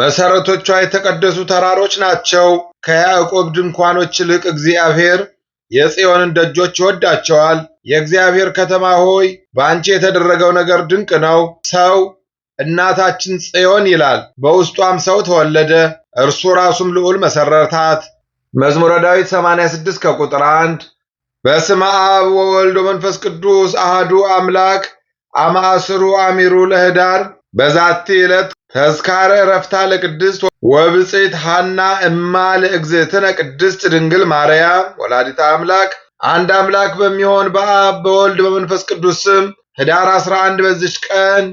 መሠረቶቿ የተቀደሱ ተራሮች ናቸው። ከያዕቆብ ድንኳኖች ይልቅ እግዚአብሔር የጽዮንን ደጆች ይወዳቸዋል። የእግዚአብሔር ከተማ ሆይ በአንቺ የተደረገው ነገር ድንቅ ነው። ሰው እናታችን ጽዮን ይላል፣ በውስጧም ሰው ተወለደ፣ እርሱ ራሱም ልዑል መሠረታት። መዝሙረ ዳዊት 86 ከቁጥር 1። በስመ አብ ወወልድ ወመንፈስ ቅዱስ አህዱ አምላክ አማእስሩ አሚሩ ለህዳር። በዛቲ ዕለት ተዝካረ ዕረፍታ ለቅድስት ወብፅዕት ሐና እማ ለእግዝእትነ ቅድስት ድንግል ማርያም ወላዲተ አምላክ አንድ አምላክ በሚሆን በአብ በወልድ በመንፈስ ቅዱስ ስም ኅዳር 11 በዚች ቀን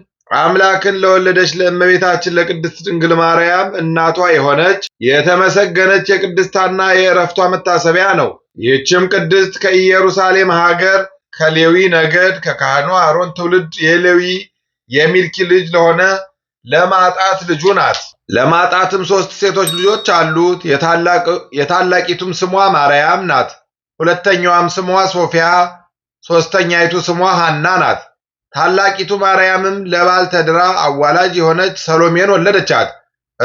አምላክን ለወለደች ለእመቤታችን ለቅድስት ድንግል ማርያም እናቷ የሆነች የተመሰገነች የቅድስታና የዕረፍቷ መታሰቢያ ነው። ይህችም ቅድስት ከኢየሩሳሌም ሀገር ከሌዊ ነገድ ከካህኑ አሮን ትውልድ የሌዊ የሚልኪ ልጅ ለሆነ ለማጣት ልጁ ናት። ለማጣትም ሶስት ሴቶች ልጆች አሉት። የታላቂቱም ስሟ ማርያም ናት። ሁለተኛዋም ስሟ ሶፊያ፣ ሶስተኛይቱ ስሟ ሃና ናት። ታላቂቱ ማርያምም ለባል ተድራ አዋላጅ የሆነች ሰሎሜን ወለደቻት።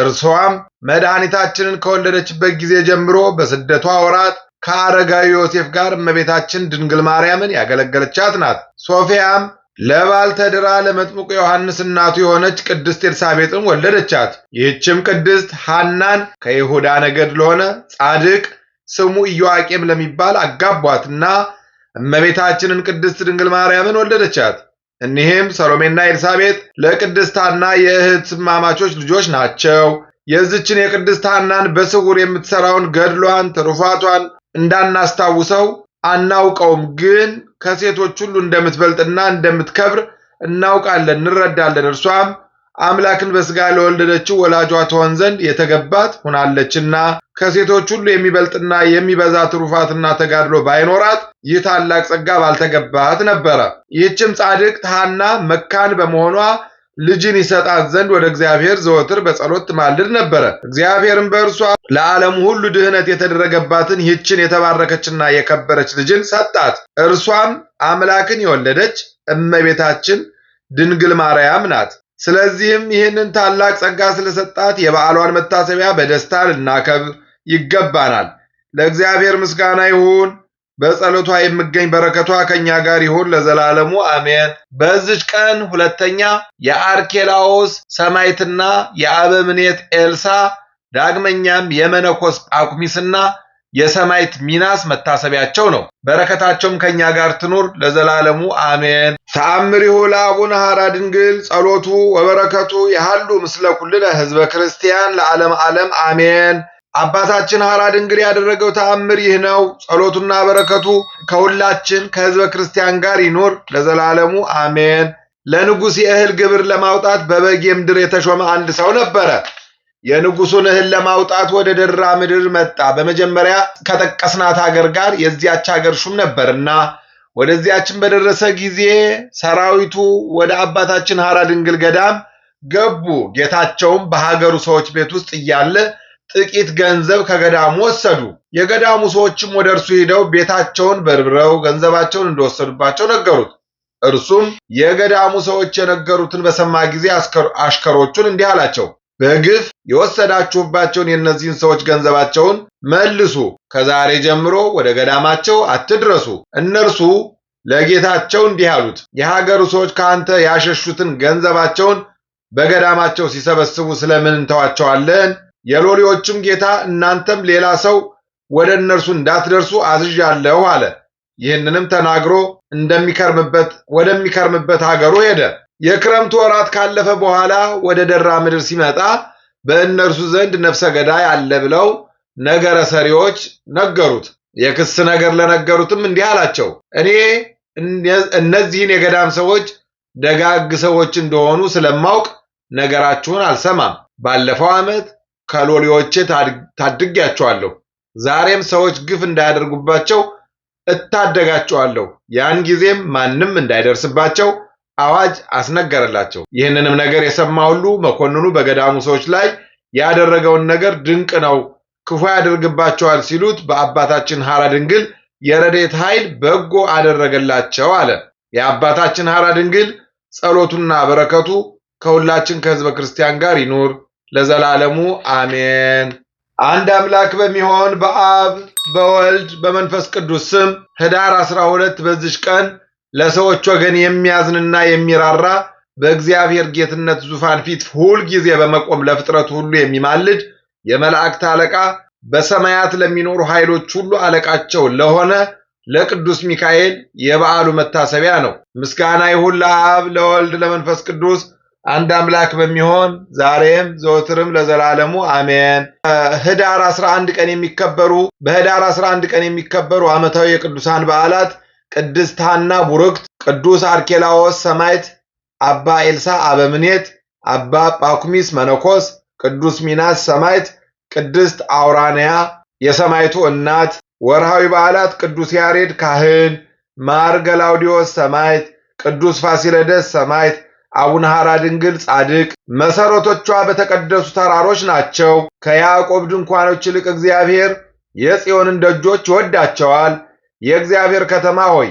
እርሷም መድኃኒታችንን ከወለደችበት ጊዜ ጀምሮ በስደቷ ወራት ከአረጋዊ ዮሴፍ ጋር እመቤታችን ድንግል ማርያምን ያገለገለቻት ናት። ሶፊያም ለባል ተደራ ለመጥምቁ ዮሐንስ እናቱ የሆነች ቅድስት ኤልሳቤጥን ወለደቻት። ይህችም ቅድስት ሐናን ከይሁዳ ነገድ ለሆነ ጻድቅ ስሙ ኢዮአቄም ለሚባል አጋቧትና እመቤታችንን ቅድስት ድንግል ማርያምን ወለደቻት። እኒህም ሰሎሜና ኤልሳቤጥ ለቅድስት ሐና የእህትማማቾች ልጆች ናቸው። የዚችን የቅድስት ሐናን በስውር የምትሠራውን ገድሏን፣ ትሩፋቷን እንዳናስታውሰው አናውቀውም ግን ከሴቶች ሁሉ እንደምትበልጥና እንደምትከብር እናውቃለን እንረዳለን እርሷም አምላክን በሥጋ ለወለደችው ወላጇ ትሆን ዘንድ የተገባት ሆናለችና ከሴቶች ሁሉ የሚበልጥና የሚበዛ ትሩፋትና ተጋድሎ ባይኖራት ይህ ታላቅ ጸጋ ባልተገባት ነበረ። ይህችም ጻድቅ ሐና መካን በመሆኗ ልጅን ይሰጣት ዘንድ ወደ እግዚአብሔር ዘወትር በጸሎት ትማልድ ነበረ። እግዚአብሔርም በእርሷ ለዓለም ሁሉ ድህነት የተደረገባትን ይህችን የተባረከችና የከበረች ልጅን ሰጣት። እርሷም አምላክን የወለደች እመቤታችን ድንግል ማርያም ናት። ስለዚህም ይህንን ታላቅ ጸጋ ስለሰጣት የበዓሏን መታሰቢያ በደስታ ልናከብር ይገባናል። ለእግዚአብሔር ምስጋና ይሁን። በጸሎቷ የሚገኝ በረከቷ ከኛ ጋር ይሁን ለዘላለሙ አሜን። በዚች ቀን ሁለተኛ የአርኬላዎስ ሰማይትና የአበምኔት ኤልሳ ዳግመኛም የመነኮስ ጳኩሚስና የሰማይት ሚናስ መታሰቢያቸው ነው። በረከታቸውም ከእኛ ጋር ትኑር ለዘላለሙ አሜን። ተአምሪሁ ለአቡነ ሐራ ድንግል ጸሎቱ ወበረከቱ የሃሉ ምስለ ኩልነ ህዝበ ክርስቲያን ለዓለም ዓለም አሜን። አባታችን ሐራ ድንግል ያደረገው ተአምር ይህ ነው። ጸሎቱና በረከቱ ከሁላችን ከህዝበ ክርስቲያን ጋር ይኑር ለዘላለሙ አሜን። ለንጉሥ የእህል ግብር ለማውጣት በበጌ ምድር የተሾመ አንድ ሰው ነበረ። የንጉሱን እህል ለማውጣት ወደ ደራ ምድር መጣ። በመጀመሪያ ከጠቀስናት ሀገር ጋር የዚያች ሀገር ሹም ነበርና ወደዚያችን በደረሰ ጊዜ ሰራዊቱ ወደ አባታችን ሐራ ድንግል ገዳም ገቡ። ጌታቸውም በሀገሩ ሰዎች ቤት ውስጥ እያለ ጥቂት ገንዘብ ከገዳሙ ወሰዱ። የገዳሙ ሰዎችም ወደ እርሱ ሂደው ቤታቸውን በርብረው ገንዘባቸውን እንደወሰዱባቸው ነገሩት። እርሱም የገዳሙ ሰዎች የነገሩትን በሰማ ጊዜ አሽከሮቹን እንዲህ አላቸው በግፍ የወሰዳችሁባቸውን የእነዚህን ሰዎች ገንዘባቸውን መልሱ። ከዛሬ ጀምሮ ወደ ገዳማቸው አትድረሱ። እነርሱ ለጌታቸው እንዲህ አሉት፣ የሀገሩ ሰዎች ከአንተ ያሸሹትን ገንዘባቸውን በገዳማቸው ሲሰበስቡ ስለምን እንተዋቸዋለን? የሎሌዎችም ጌታ እናንተም ሌላ ሰው ወደ እነርሱ እንዳትደርሱ አዝዣለሁ አለ። ይህንንም ተናግሮ እንደሚከርምበት ወደሚከርምበት ሀገሩ ሄደ። የክረምቱ ወራት ካለፈ በኋላ ወደ ደራ ምድር ሲመጣ በእነርሱ ዘንድ ነፍሰ ገዳይ አለ ብለው ነገረ ሰሪዎች ነገሩት። የክስ ነገር ለነገሩትም እንዲህ አላቸው፣ እኔ እነዚህን የገዳም ሰዎች ደጋግ ሰዎች እንደሆኑ ስለማውቅ ነገራችሁን አልሰማም። ባለፈው ዓመት ከሎሌዎቼ ታድጊያቸዋለሁ። ዛሬም ሰዎች ግፍ እንዳያደርጉባቸው እታደጋቸዋለሁ። ያን ጊዜም ማንም እንዳይደርስባቸው አዋጅ አስነገረላቸው። ይህንንም ነገር የሰማ ሁሉ መኮንኑ በገዳሙ ሰዎች ላይ ያደረገውን ነገር ድንቅ ነው፣ ክፉ ያደርግባቸዋል ሲሉት በአባታችን ሐራ ድንግል የረዴት ኃይል በጎ አደረገላቸው አለ። የአባታችን ሐራ ድንግል ጸሎቱና በረከቱ ከሁላችን ከህዝበ ክርስቲያን ጋር ይኑር ለዘላለሙ አሜን። አንድ አምላክ በሚሆን በአብ በወልድ በመንፈስ ቅዱስ ስም ህዳር 12 በዚች ቀን ለሰዎች ወገን የሚያዝንና የሚራራ በእግዚአብሔር ጌትነት ዙፋን ፊት ሁል ጊዜ በመቆም ለፍጥረት ሁሉ የሚማልድ የመላእክት አለቃ በሰማያት ለሚኖሩ ኃይሎች ሁሉ አለቃቸው ለሆነ ለቅዱስ ሚካኤል የበዓሉ መታሰቢያ ነው። ምስጋና ይሁን ለአብ ለወልድ ለመንፈስ ቅዱስ አንድ አምላክ በሚሆን ዛሬም ዘወትርም ለዘላለሙ አሜን። ህዳር 11 ቀን የሚከበሩ በህዳር 11 ቀን የሚከበሩ ዓመታዊ የቅዱሳን በዓላት ቅድስት ሐና ቡርክት፣ ቅዱስ አርኬላዎስ ሰማዕት፣ አባ ኤልሳ አበምኔት፣ አባ ጳኩሚስ መነኮስ፣ ቅዱስ ሚናስ ሰማዕት፣ ቅድስት አውራንያ የሰማዕቱ እናት። ወርሃዊ በዓላት ቅዱስ ያሬድ ካህን፣ ማር ገላውዲዮስ ሰማዕት፣ ቅዱስ ፋሲለደስ ሰማዕት፣ አቡነ ሐራ ድንግል ጻድቅ። መሠረቶቿ በተቀደሱ ተራሮች ናቸው። ከያዕቆብ ድንኳኖች ይልቅ እግዚአብሔር የጽዮንን ደጆች ይወዳቸዋል። የእግዚአብሔር ከተማ ሆይ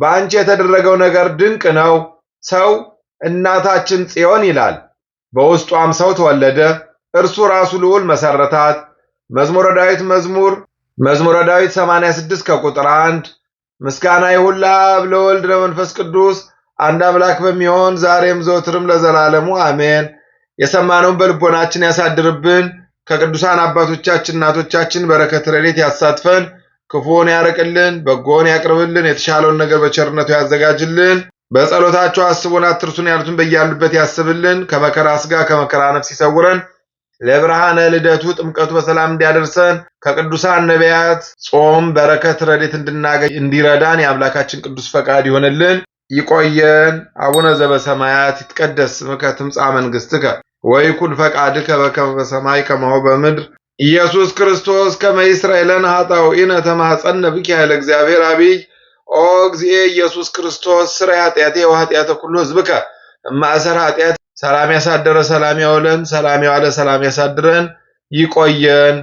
በአንቺ የተደረገው ነገር ድንቅ ነው። ሰው እናታችን ጽዮን ይላል፣ በውስጧም ሰው ተወለደ፣ እርሱ ራሱ ልዑል መሰረታት። መዝሙረ ዳዊት መዝሙር መዝሙረ ዳዊት 86 ከቁጥር 1 ምስጋና ይሁን ለአብ ለወልድ ለመንፈስ ቅዱስ አንድ አምላክ በሚሆን ዛሬም ዘወትርም ለዘላለሙ አሜን። የሰማነውን በልቦናችን ያሳድርብን። ከቅዱሳን አባቶቻችን እናቶቻችን በረከት ረድኤት ያሳትፈን። ክፉውን ያርቅልን፣ በጎውን ያቅርብልን፣ የተሻለውን ነገር በቸርነቱ ያዘጋጅልን። በጸሎታቸው አስቡን አትርሱን ያሉትን በያሉበት ያስብልን። ከመከራ ስጋ ከመከራ ነፍስ ይሰውረን። ለብርሃነ ልደቱ ጥምቀቱ በሰላም እንዲያደርሰን ከቅዱሳን ነቢያት ጾም በረከት ረዴት እንድናገኝ እንዲረዳን የአምላካችን ቅዱስ ፈቃድ ይሆንልን። ይቆየን። አቡነ ዘበሰማያት ይትቀደስ ስምከ ትምጻእ መንግሥትከ ወይኩን ፈቃድከ በከመ በሰማይ ከማሁ በምድር ኢየሱስ ክርስቶስ ከመ ይስራኤለን ኃጣውኢነ ተማፀነ ብኪ ኃይለ እግዚአብሔር አብይ ኦ እግዚእ ኢየሱስ ክርስቶስ ስራይ ኃጢአቴ ወኃጢአተ ኩሉ ህዝብከ እማእሰረ ኃጢአት። ሰላም ያሳደረ ሰላም ያውለን፣ ሰላም ያዋለ ሰላም ያሳድረን። ይቆየን።